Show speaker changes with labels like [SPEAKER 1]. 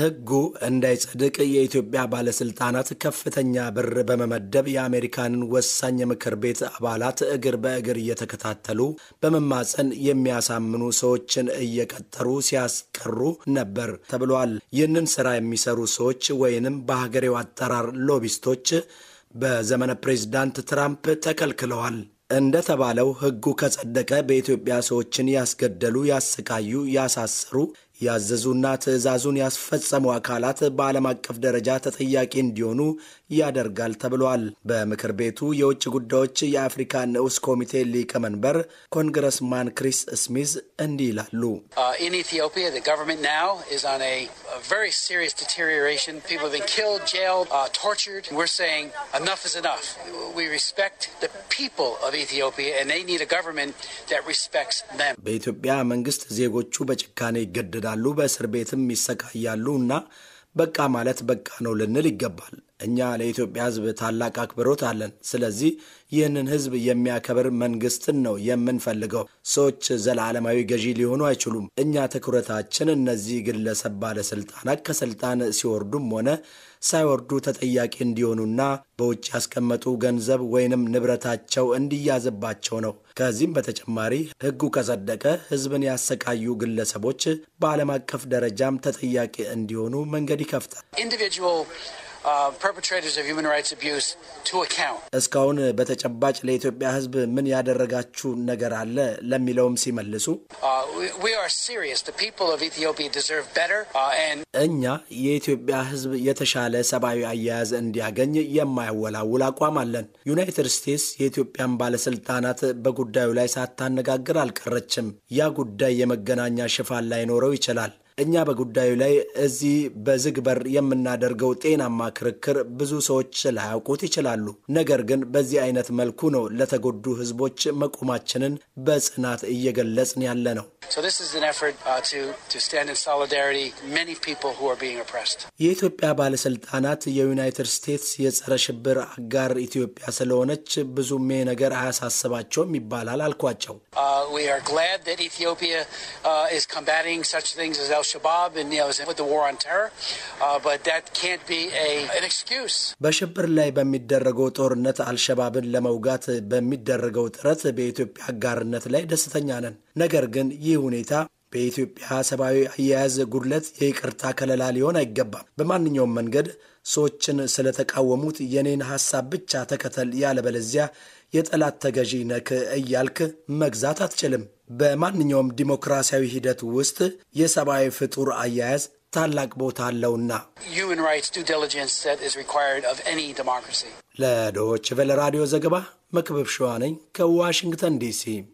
[SPEAKER 1] ሕጉ እንዳይጸድቅ የኢትዮጵያ ባለስልጣናት ከፍተኛ ብር በመመደብ የአሜሪካንን ወሳኝ የምክር ቤት አባላት እግር በእግር እየተከታተሉ በመማፀን የሚያሳምኑ ሰዎችን እየቀጠሩ ሲያስቀሩ ነበር ተብሏል። ይህንን ስራ የሚሰሩ ሰዎች ወይንም በሀገሬው አጠራር ሎቢስቶች በዘመነ ፕሬዚዳንት ትራምፕ ተከልክለዋል። እንደተባለው ሕጉ ከጸደቀ በኢትዮጵያ ሰዎችን ያስገደሉ፣ ያሰቃዩ፣ ያሳሰሩ ያዘዙና ትዕዛዙን ያስፈጸሙ አካላት በዓለም አቀፍ ደረጃ ተጠያቂ እንዲሆኑ ያደርጋል ተብሏል። በምክር ቤቱ የውጭ ጉዳዮች የአፍሪካ ንዑስ ኮሚቴ ሊቀመንበር ኮንግረስማን ክሪስ ስሚዝ እንዲህ ይላሉ።
[SPEAKER 2] uh, uh,
[SPEAKER 1] በኢትዮጵያ መንግስት ዜጎቹ በጭካኔ ይገደዳል ይዳረጋሉ፣ በእስር ቤትም ይሰቃያሉ እና በቃ ማለት በቃ ነው ልንል ይገባል። እኛ ለኢትዮጵያ ህዝብ ታላቅ አክብሮት አለን። ስለዚህ ይህንን ህዝብ የሚያከብር መንግስትን ነው የምንፈልገው። ሰዎች ዘላለማዊ ገዢ ሊሆኑ አይችሉም። እኛ ትኩረታችን እነዚህ ግለሰብ ባለስልጣናት ከስልጣን ሲወርዱም ሆነ ሳይወርዱ ተጠያቂ እንዲሆኑና በውጭ ያስቀመጡ ገንዘብ ወይንም ንብረታቸው እንዲያዝባቸው ነው። ከዚህም በተጨማሪ ህጉ ከጸደቀ ህዝብን ያሰቃዩ ግለሰቦች በዓለም አቀፍ ደረጃም ተጠያቂ እንዲሆኑ መንገድ ይከፍታል። Uh, እስካሁን በተጨባጭ ለኢትዮጵያ ሕዝብ ምን ያደረጋችሁ ነገር አለ ለሚለውም ሲመልሱ
[SPEAKER 2] uh, uh, እኛ
[SPEAKER 1] የኢትዮጵያ ሕዝብ የተሻለ ሰብአዊ አያያዝ እንዲያገኝ የማያወላውል አቋም አለን። ዩናይትድ ስቴትስ የኢትዮጵያን ባለስልጣናት በጉዳዩ ላይ ሳታነጋግር አልቀረችም። ያ ጉዳይ የመገናኛ ሽፋን ላይኖረው ይችላል። እኛ በጉዳዩ ላይ እዚህ በዝግ በር የምናደርገው ጤናማ ክርክር ብዙ ሰዎች ላያውቁት ይችላሉ። ነገር ግን በዚህ አይነት መልኩ ነው ለተጎዱ ህዝቦች መቆማችንን በጽናት እየገለጽን ያለ ነው። የኢትዮጵያ ባለስልጣናት የዩናይትድ ስቴትስ የጸረ ሽብር አጋር ኢትዮጵያ ስለሆነች ብዙም ነገር አያሳስባቸውም ይባላል አልኳቸው። በሽብር ላይ በሚደረገው ጦርነት አልሸባብን ለመውጋት በሚደረገው ጥረት በኢትዮጵያ አጋርነት ላይ ደስተኛ ነን። ነገር ግን ይህ ሁኔታ በኢትዮጵያ ሰብአዊ አያያዝ ጉድለት የይቅርታ ከለላ ሊሆን አይገባም። በማንኛውም መንገድ ሰዎችን ስለተቃወሙት የኔን ሐሳብ ብቻ ተከተል ያለበለዚያ የጠላት ተገዢ ነክ እያልክ መግዛት አትችልም። በማንኛውም ዲሞክራሲያዊ ሂደት ውስጥ የሰብአዊ ፍጡር አያያዝ ታላቅ ቦታ አለውና። ለዶች ቨለ ራዲዮ ዘገባ መክበብ ሸዋ ነኝ ከዋሽንግተን ዲሲ።